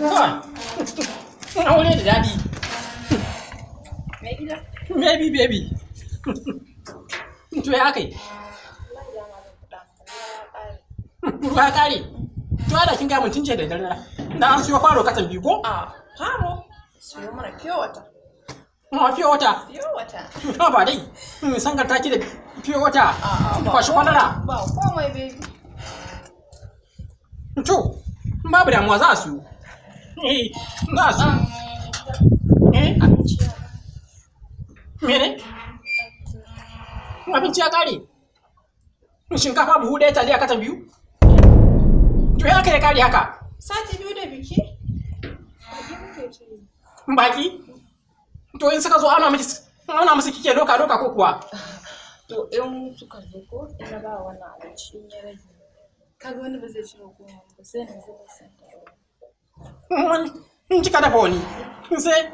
Kawai. Aure da daɗi. Maybe baby. To ya yi? Ruwa ƙare. To ana kin gamin tince da dare na an siyo faro katan biyu ko? A faro siyo mana Ma ba dai. Sangar taki da pure water. Kwashi kwanara. Ba komai baby. To, babu damuwa za a siyo. Nas. Eh? Mene? ya kare. Shinkafa buhu ɗaya taliya katan biyu? To ya kai kari haka. Sati biki? Baki? To in suka zo ana miki ana musu kike doka doka ko kuwa? To ina ba in kika dafa wani sai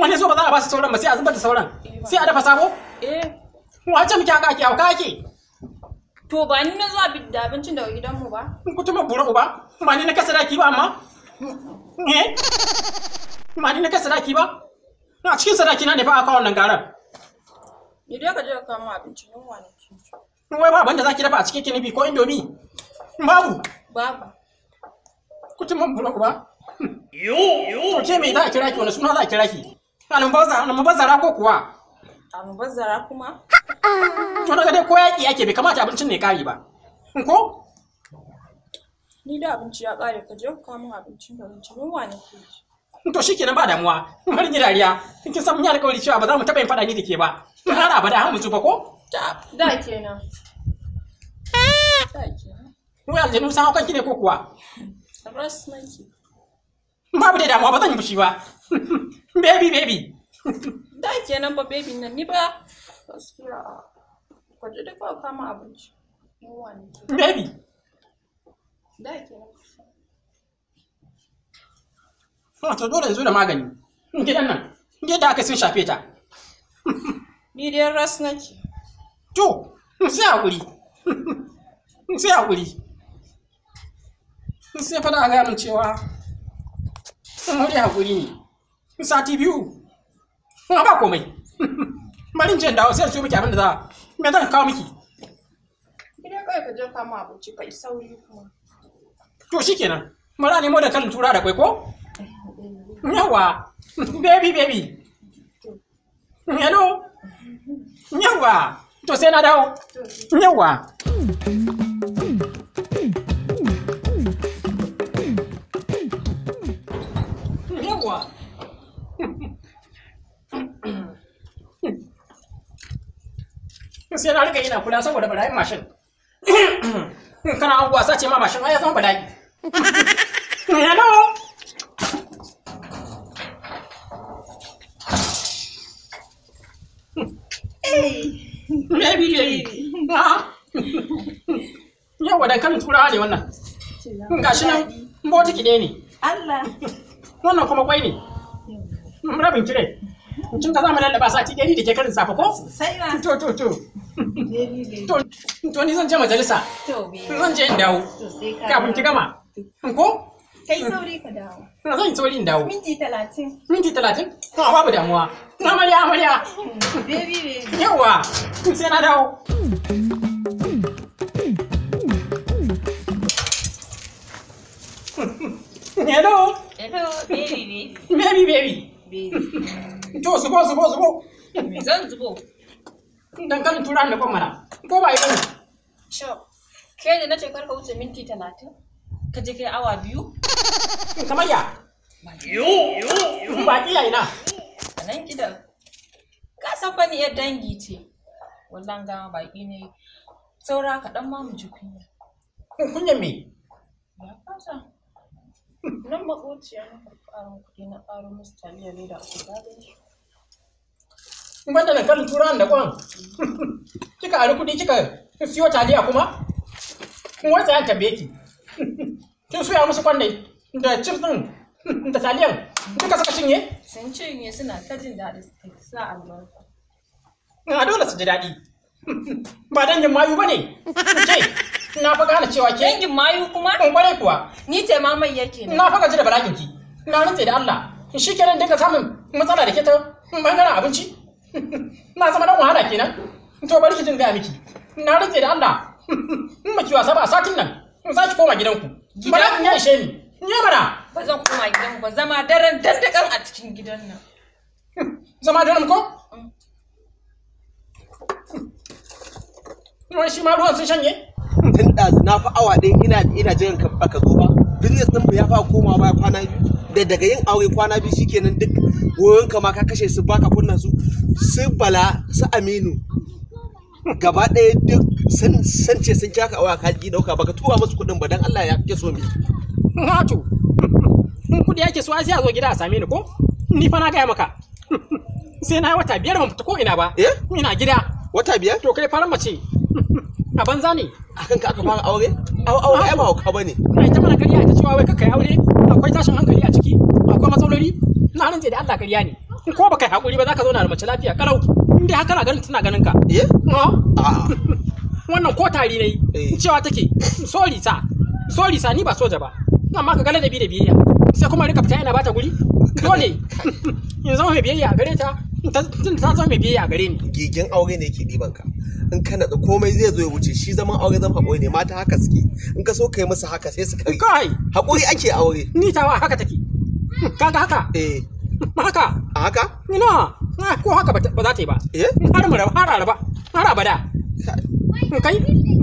wani so ba za a ba shi sauran ba sai a zubar da sauran sai a dafa sabo eh wace muke haka k'i hauka k'i to ba ni na zuwa da abincin daga gidanmu ba kutuma bura uba ba ni na kasa daki ba amma eh ba ni na kasa daki ba na cikin sadaki na ne fa aka wannan garan ni dai ka je ka kama abincin yunwa ne wai ba abin da zaki dafa a cikin kinibi ko indomi babu babu kutuman bura ba? Yo! Yo! To ke me za a kira ki wani suna za a kira ki? Almubazzara ko kuwa? A Almubazzara kuma? To na ga dai ko yaƙi ake bai kamata abincin ne kari ba. Ko? Ni da abinci ya kare ka je ka kawo abincin da abincin mun ne ke to shikenan ba damuwa har ni dariya kin san mun yi alƙawari cewa ba za mu taɓa yin faɗa ni da ke ba har abada har mu zuba, ko da kenan da kenan wai aljanu san hakan ki ne ko kuwa babu da damuwa ba zan yi fushi ba baby baby da nan ba baby nan ni ba gaskiya ka ji duk ba kama abinci baby da kenan wato dole yanzu da magani gidan nan gidan aka sun shafe ta ni dai ras nake to sai hakuri sai hakuri sai fada a gaya min cewa mun hakuri ne sati biyu ba ba komai bari jin dawo sai su abin da za me zan kawo miki kai ka je kama kai sauri kuma to shikenan da tura da kai ko yawa baby baby hello yawa to sai na dawo yawa sai na rika ina kula saboda yin mashin kana an wasa ce ma mashin ai ya zama yi hello me bi ke yi yawa dankalin turawa ne wannan gashi nan botiki ɗaya ne Allah wannan kuma kwai ne rabin kire mutum ka zama lallaba sati ɗari da ke karin safa ko? Sai ba. To to to. to ni zan je majalisa zan je in dawo kafin ki gama ko kai sauri ka dawo na zan sauri in dawo minti talatin minti talatin to babu damuwa amarya amarya baby yawa sai na dawo Hello. Hello, baby baby. Baby baby. zubo zubo zubo. zan zubo. dankalin tura da kwamara ko ba idan ke da nace kar ka wuce minti talatin ka je kai awa biyu kamar ya ba kiyaye na a nan gidan ka san fa ni dangi ce wallan ga baki ne saura kaɗan ma mu ji kunya kunya me ya kasa nan maƙociya na karɓi ƙarin kuɗi na ƙarin musu taliya ne da aka gado in banda nan turan da kwan kika ari kuɗi kika siyo taliya kuma in wai tsayan tambaye ki kin soya musu kwan da cin din da taliyan duka saka cinye sun cinye suna ta jin daɗi sa albarka a dole su ji daɗi ba dangin mayu ba ne na fa gane cewa ke dangin mayu kuma in kwarai kuwa ni ce ma mai yake na fa gaji da bala'in ki na rantse da Allah shi kenan dinga samun matsala da ke ta bangaren abinci na zama dan wahala kenan to bari ki jin ga miki na rike da Allah in maki wasa ba satin nan za ki koma gidanku bala ku ya ishe ni ni mana ba zan koma gidanku ba zama daren dandakan a cikin gidan nan zama daren ko mm. wani shi ma ruwan sun shanye? Tun ɗazu na fi awa ɗaya ina ina jiran ka baka zo ba. business din mu ya fara koma baya kwana biyu da daga yin aure kwana biyu shikenan duk wurin ma ka kashe su baka kunna su su bala su aminu gaba ɗaya duk sun san ce sun kira aure awa ka ji dauka baka tura musu kuɗin ba dan Allah ya kike so mi wato in kudi yake so sai a zo gida a same ni ko ni fa na gaya maka sai na wata biyar ban fita ko ina ba eh ina gida wata biyar to kai fara mace a banza ne akan ka aka fara aure Au au ai ba hauka bane. Kai ta mana ƙarya ita cewa wai kai aure akwai tashin hankali a ciki akwai matsaloli ina nan da Allah ƙarya ne. Ko baka hakuri ba zaka zauna da mace lafiya karau in dai haka na ganin tana ganin ka. Eh? Ah. Wannan ko tari ne eh. cewa take sorry ta sorry sa ni ba soja ba. Amma ka ga ladabi da biyayya sai kuma rika fita yana bata guri dole yanzu mai biyayya a gare ta ta zama mai biyayya gare ni gigin aure ne yake ɗiban ka in ka naɗa komai zai zo ya wuce shi zaman aure zan haƙuri ne mata haka suke in ka so ka yi musu haka sai su kari kai haƙuri ake aure ni tawa haka take hmm. kaga haka eh haka a haka ina ko haka ba za ta yi ba Eh? har mu har araba har abada kai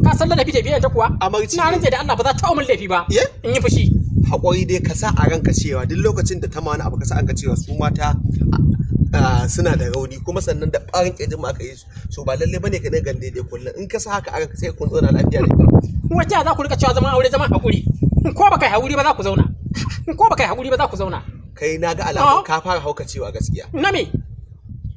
ka san ladabi da biyayya ta kuwa amarci na rantsa da Allah ba za ta umar laifi ba eh? in yi fushi haƙuri dai ka sa a ranka cewa duk lokacin da ta ma wani abu ka sa ranka cewa su mata suna da rauni kuma sannan da ɓarin ƙirjin aka yi so ba lallai bane ka ne gande dai kullum in ka sa haka a ranka sai kun zauna lafiya da wace za ku rika cewa zaman aure zaman haƙuri ko ba kai haƙuri ba za ku zauna ko ba kai haƙuri ba za ku zauna kai na ga alamun oh. ka fara haukacewa gaskiya na me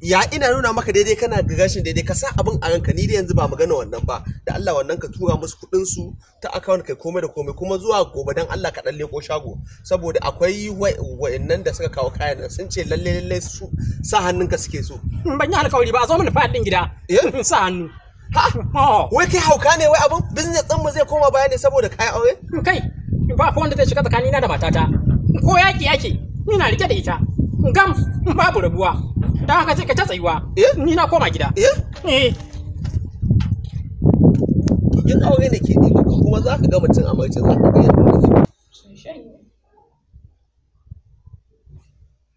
ya ina nuna maka daidai kana da gashin daidai ka sa abin a ranka ni da yanzu ba magana wannan ba da Allah wannan ka tura musu kuɗin su ta account kai komai da komai kuma zuwa gobe dan Allah ka dan leko shago saboda akwai wayannan da suka kawo kayan nan sun ce lalle lalle su sa hannun ka suke so hmm, ban yi alkawari ba a zo mana fadin gida eh? sa hannu ha wai kai hauka ne wai abin business din mu zai koma baya ne saboda kai aure hmm, kai ba ko wanda zai shiga tsakanina da matata ko yaki yaki na rike da ita gam babu rabuwa don haka sai ka ta tsayuwa eh? ni na koma gida eh? eh yin aure ne ke ɗiba kuma za ka ga mutum a mace za ka ga yadda zai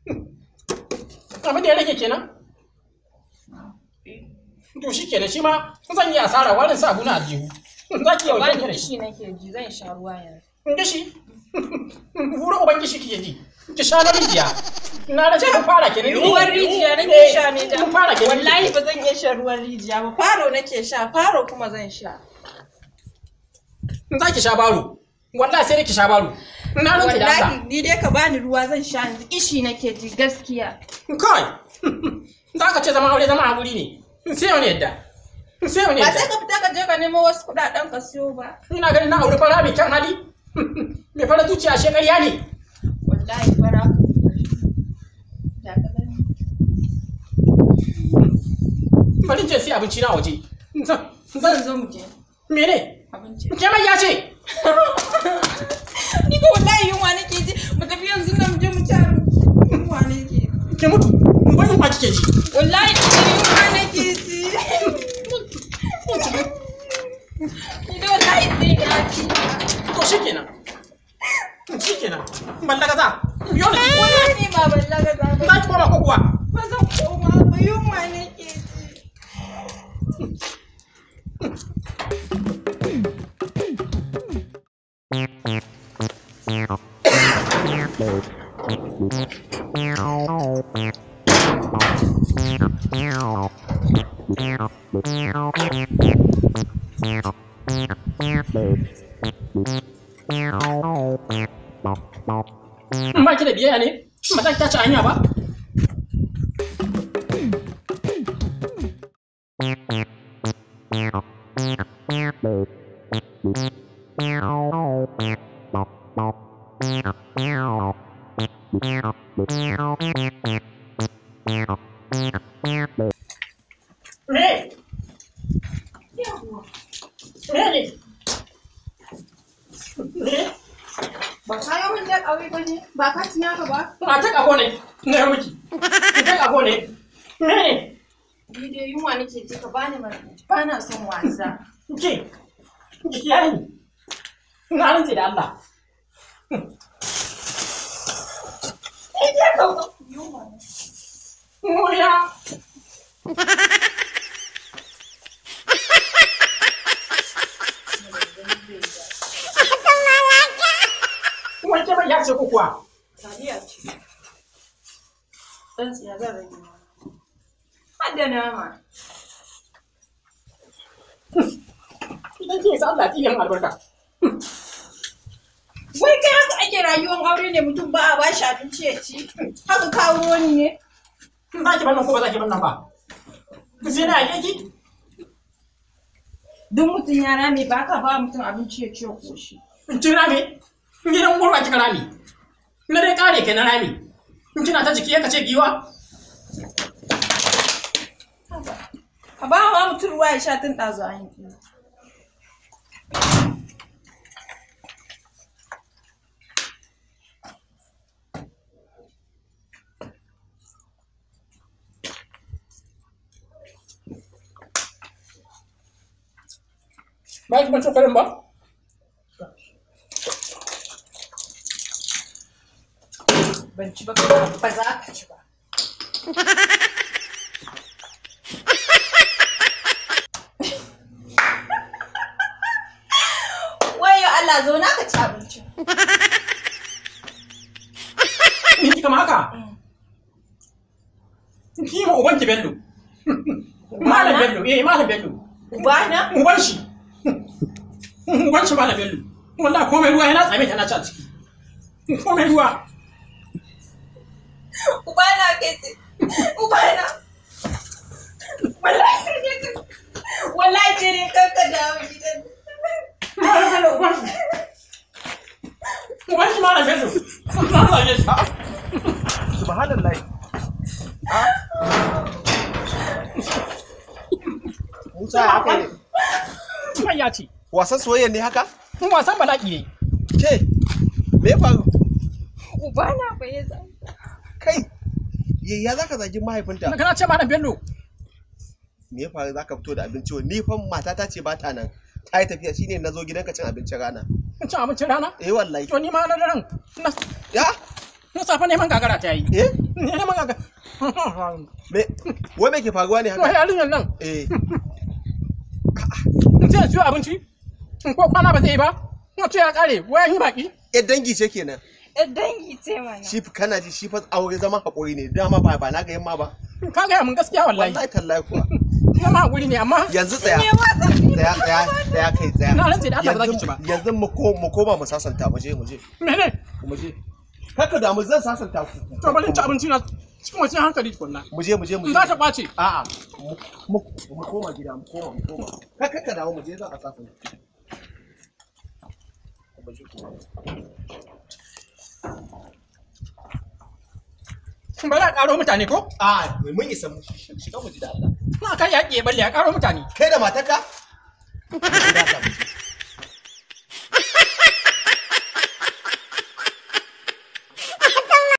abin da ya rage kenan to shi kenan shi ma zan yi asara warin sa na aljihu za ki yau da shi nake ji zan sha ruwa yanzu in gishi wura uban gishi kike ji ki sha na rijiya na rage na fara kenan ruwan rijiya nake eh, sha ne da fara kenan wallahi ba zan iya shan ruwan rijiya ba faro nake sha faro kuma zan sha za ki sha baro wallahi sai ki sha baro na rage da wallahi ni dai ka bani ruwa zan sha yanzu ishi nake ji gaskiya kai za ka ce zama aure zama hakuri ne sai wani yadda sai wani yadda ba sai ka fita ka je ka nemo wasu kudaden ka siyo ba ina ganin na aure fara mai kyan hali mai fara zuciya shekariya ne wallahi fara bari je sai abinci na waje zan zo mu mene abinci ke mai ya ce ni ko wallahi yunwa nake ji mu tafi yanzu nan je mu ci yunwa nake ke mutu mu bar yunwa kike ji wallahi yunwa nake ji ni da wallahi sai ya ci to shikenan shikenan mallaka za yau ne ba mallaka za ba ki koma ko kuwa ba zan koma ba yunwa nake ji Meow. Mày Mbaki da biyayya ne? Shin đang za ki tace hanya ba? Ready? Ready? aure ba ne ba ta kaho ne na yi miki ta kaho ne ne ni nake ji ka bani ba na son wasa ke ki kiyaye ni da Allah ni dai wanke mai ya ce ku kuwa taliya ake rayuwar aure ne mutum ba a ba abinci ya ci haka kawo wani ne ba ki bannan ko ba za ki bannan ba sai na yake duk mutum ya rame ba ka ba mutum abinci ya ci ya koshi gidan gurwa kika rami na dai kare kai na rami in kina ta jiki ya ce giwa a ba wa mutum ruwa ya sha tun ɗazu an yi Mas, mas eu quero ir embora. ban ci ci ba wayo Allah zo na ka ci abinci in ma bello bello bello ubana bello wallahi komai ruwa yana tsame ta na ci a ciki komai ruwa uba wallahi ce ne kanka da gidan uban ah. ah. Musa haka ne. ya ce. Wasan soyayya ne haka? wasan ne. Ke, me ya faru? Ubana bai ya zai. Kai, ya za ka zagi mahaifinta kana ce malam bello me ya faru za ka fito da abinci wa ni fan matata ce ba ta nan ta yi tafiya shine na zo gidanka cin abincin rana cin abincin rana eh wallahi to ni ma na ran ya na safa neman gagara ta yi eh neman gagara me wai me ke faruwa ne haka wai yarinyar nan eh in ce siyo abinci ko kwana ba zai yi ba in ce ya kare ya yi baki eh dangi ce kenan yar dangi ce mana shi kana ji shi fa aure zama haƙuri ne dama ba ba na ga yamma ba ka ga mun gaskiya wallahi wallahi tallahi kuwa zama hakuri ne amma yanzu tsaya tsaya tsaya tsaya kai tsaya na rantsi da Allah ba za ki ci ba yanzu mu ko mu koma mu sasanta mu je mu je mene mu je kaka damu zan sasanta ku to bari ci abinci na cikin wacin hankali tukunna mu je mu je mu je za ta ɓace. a'a mu koma gida mu koma mu koma kaka ka damu mu je za a sasanta mu je kuma ba za a ƙaro mutane ko? a mun isa shiga mu ji da Allah na kan yaƙi balle a ƙaro mutane kai da matarka